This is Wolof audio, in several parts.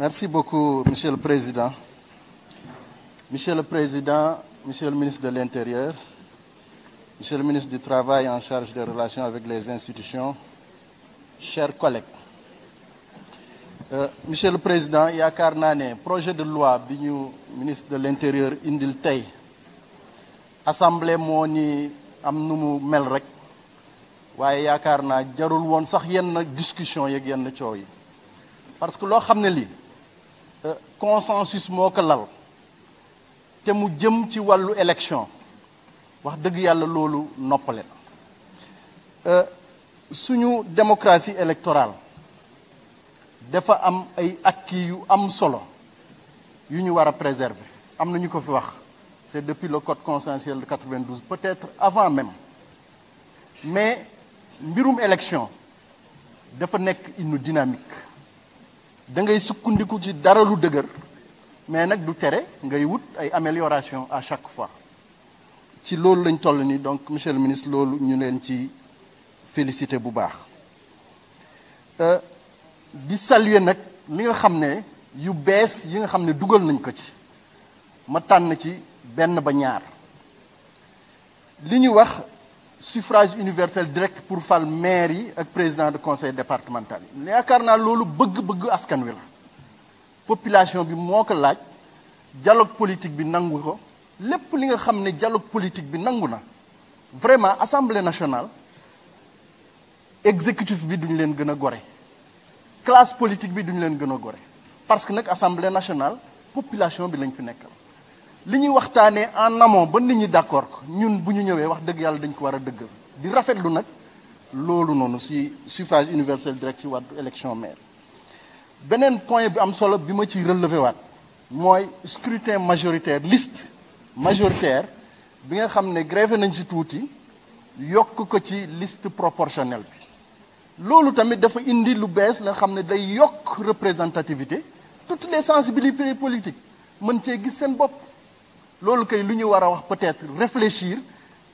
Merci beaucoup, Monsieur le Président. Monsieur le Président, Monsieur le ministre de l'Intérieur, Monsieur le ministre du Travail en charge des relations avec les institutions, chers collègues. Euh, Monsieur le Président, yakarna a projet de loi du ministre de l'Intérieur indil tey assemblée moni Amnoumou am il y mel rek discussion yeeg yenn parce que ce xam li. Euh, consensus moo ko lal te mu jëm ci walu élection wax dëgg yalla lolu noppale euh, suñu démocratie électorale dafa am ay acquis yu am solo yu préserver am na ñu ko fi c'est depuis le code consensuel de 92 peut-être avant même mais mbirum élection dafa nekk une dynamique da ngay sukkandiku ci dara lu dëgër mais nag du tere ngay wut ay amélioration à chaque fois ci loolu lañ toll nii donc monsieur le ministre loolu ñu leen ci félicité bu baax euh, di saluer nag li nga xam ne yu bees yi nga xam ne dugal nañ ko ci ma tànn ci benn ba ñaar li ñu wax suffrage universel direct pour faire maire et le président du conseil départemental yi yaakaar naa loolu la population bi moko que laaj dialogue politique bi nangu ko lépp li nga xamné dialogue politique bi vraiment assemblée nationale exécutif bi duñ leen gëna classe politique bi duñ parce que nak assemblée nationale population bi lañ fi li ñuy waxtaanee en amont ba nit ñi d'accord ko ñun bu ñu ñëwee wax dëgg yàlla dañ ko war a dëggal di rafetlu nag loolu noonu si suffrage universel direct ci wàllu élection maire beneen point bi am solo bi ma ci relevé waat mooy scrutin majoritaire liste majoritaire bi nga xam ne grévé nañ ci tuuti yokk ko ci liste proportionnelle bi loolu tamit dafa indi lu bees la xam ne day yokk représentativité toutes les sensibilités politiques mën cee gis seen bopp loolu kay lu ñu wax peut-être réfléchir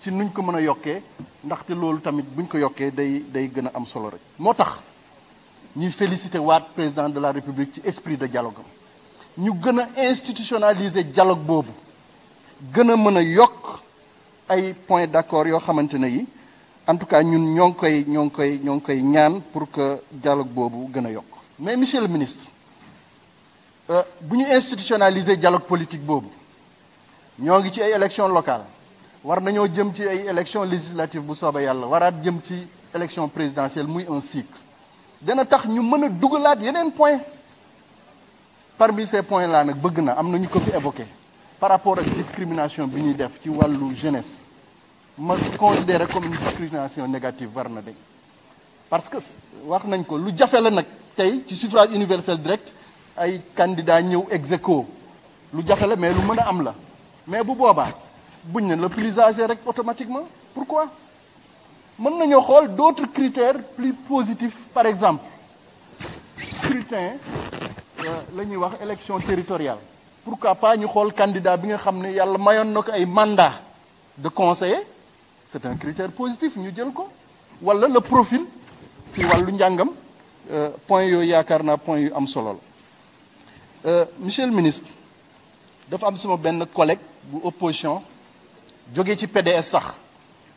ci nuñ ko mën a yokkee ndaxte loolu tamit buñ ko yokkee day day gën a am solo rek moo tax ñuy waat président de la république ci esprit de dialogue am ñu gën a institutionnaliser dialogue boobu gën a mën a ay points d'accord yoo xamante ne yi en tout cas ñun ñoo ngi koy ñoo ngi koy ñoo koy ñaan pour que dialogue boobu gën a mais monsieur le ministre euh, bu ñu institutionnaliser dialogue politique boobu nous ngi ci ay élection locale war nañoo jëm ci ay élection législative bu soobee yàlla waraat jëm ci élection présidentielle muy un cycle dana tax ñu mën a dugalaat point parmi ces points là nous bëgg na am ñu ko fi évoqué par rapport la discrimination bi ñuy def ci wàllu jeunesse ma considéré comme une discrimination négative war na parce que wax nañ ko lu jafe la ci suffrage universel direct ay candidats ñëw ex lu jafe la mais lu mën a am la mais bu boobaa buñ ne le plus automatiquement pourquoi mën nañoo d'autres d'autres critères plus positifs par exemple le critère euh, de l'élection territoriale pourquoi pas ñu le candidat qui a été ne mandat de conseiller C'est un critère positif ñu jël ko le profil ci wàllu njàngam euh, point yooyu Yakarna, point yu am solo euh, monsieur le ministre dafa am sama benn collègue bu opposition jógee ci PDS sax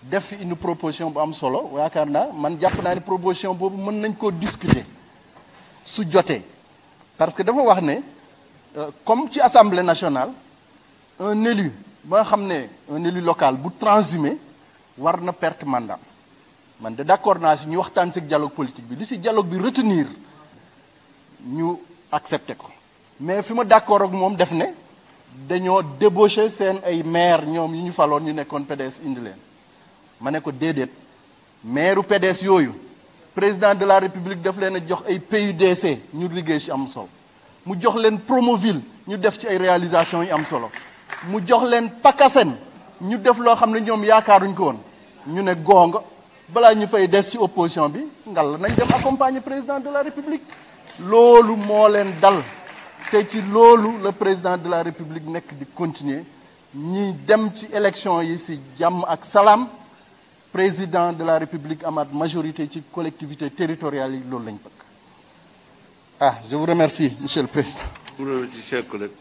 def une proposition bu am solo yaakaar naa man jàpp naa ne proposition boobu mën nañ discuter su parce que dafa wax euh, comme ci assemblée nationale un élu ba un élu local bu transumer war na perte mandat man de d'accord nous si ñu waxtaan dialogue politique bi le dialogue bi retenir nous accepter. ko mais fi ma d'accord ak moom def dañoo débauché seen ay maire ñoom yu ñu faloon ñu nekkoon PDS indi leen ma ne ko déedéet maireu PDS yooyu président de la république daf leen a jox ay PUDC ñu liggéey ci am solo mu jox leen Promoville ñu def ci ay réalisation yi am solo mu jox leen PACASEN ñu def loo xam ne ñoom yaakaaruñ ko woon ñu ne gonga balaa ñu fay des ci opposition bi ngal nañ dem accompagner président de la république loolu moo leen dal le président de la république nek di continuer ñi dem ci élection yi ci ak président de la république amaat majorité ci collectivité territoriale yi bëgg ah je vous remercie monsieur le président.